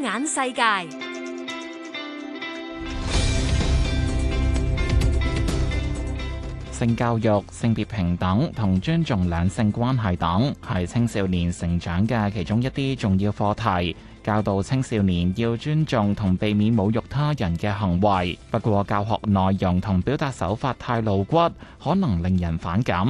眼世界，性教育、性別平等同尊重兩性關係等係青少年成長嘅其中一啲重要課題，教導青少年要尊重同避免侮辱他人嘅行為。不過，教學內容同表達手法太露骨，可能令人反感。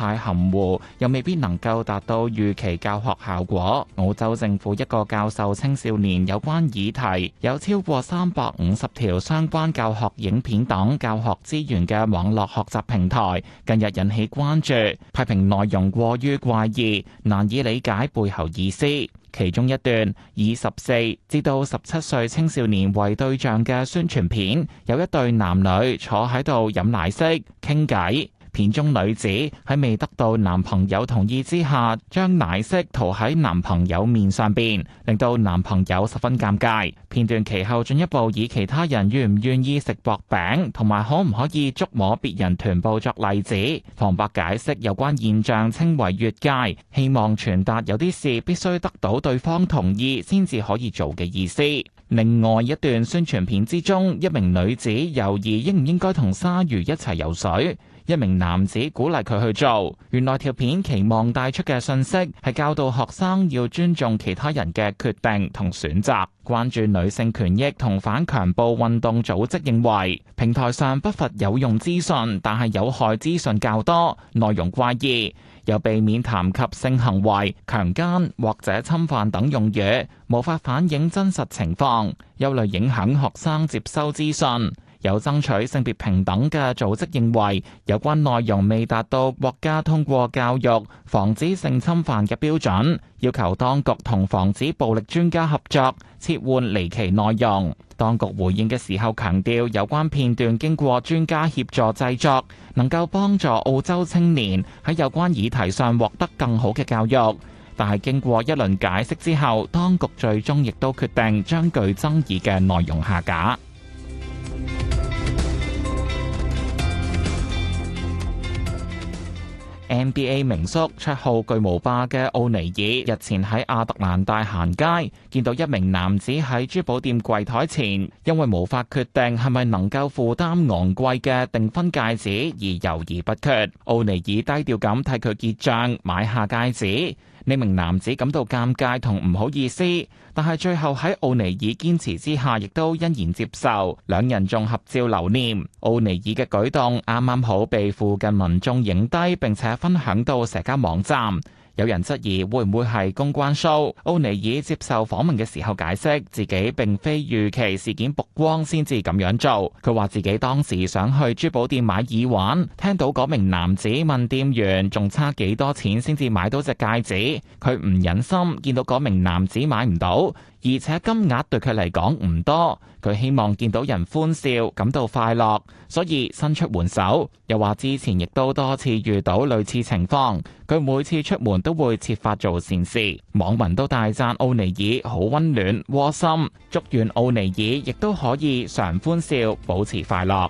太含糊，又未必能夠達到預期教學效果。澳洲政府一個教授青少年有關議題、有超過三百五十條相關教學影片等教學資源嘅網絡學習平台，近日引起關注，批評內容過於怪異，難以理解背後意思。其中一段以十四至到十七歲青少年為對象嘅宣傳片，有一對男女坐喺度飲奶昔傾偈。片中女子喺未得到男朋友同意之下，將奶昔塗喺男朋友面上邊，令到男朋友十分尷尬。片段其後進一步以其他人願唔願意食薄餅同埋可唔可以觸摸別人臀部作例子，旁白解釋有關現象稱為越界，希望傳達有啲事必須得到對方同意先至可以做嘅意思。另外一段宣傳片之中，一名女子猶豫應唔應該同鯊魚一齊游水。一名男子鼓勵佢去做。原來條片期望帶出嘅信息係教導學生要尊重其他人嘅決定同選擇。關注女性權益同反強暴運動組織認為，平台上不乏有用資訊，但係有害資訊較多，內容怪異，又避免談及性行為、強姦或者侵犯等用語，無法反映真實情況，憂慮影響學生接收資訊。有爭取性別平等嘅組織認為，有關內容未達到國家通過教育防止性侵犯嘅標準，要求當局同防止暴力專家合作，撤換離奇內容。當局回應嘅時候強調，有關片段經過專家協助製作，能夠幫助澳洲青年喺有關議題上獲得更好嘅教育。但係經過一輪解釋之後，當局最終亦都決定將具爭議嘅內容下架。NBA 名宿、七號巨無霸嘅奧尼爾日前喺亞特蘭大行街，見到一名男子喺珠寶店櫃台前，因為無法決定係咪能夠負擔昂貴嘅訂婚戒指而猶豫不決。奧尼爾低調咁替佢結帳，買下戒指。呢名男子感到尷尬同唔好意思，但係最後喺奧尼爾堅持之下，亦都欣然接受，兩人仲合照留念。奧尼爾嘅舉動啱啱好被附近民眾影低，並且分享到社交網站。有人質疑會唔會係公關騷？歐尼爾接受訪問嘅時候解釋，自己並非預期事件曝光先至咁樣做。佢話自己當時想去珠寶店買耳環，聽到嗰名男子問店員仲差幾多錢先至買到隻戒指，佢唔忍心見到嗰名男子買唔到。而且金額對佢嚟講唔多，佢希望見到人歡笑，感到快樂，所以伸出援手。又話之前亦都多次遇到類似情況，佢每次出門都會設法做善事。網民都大讚奧尼爾好溫暖、窩心，祝願奧尼爾亦都可以常歡笑，保持快樂。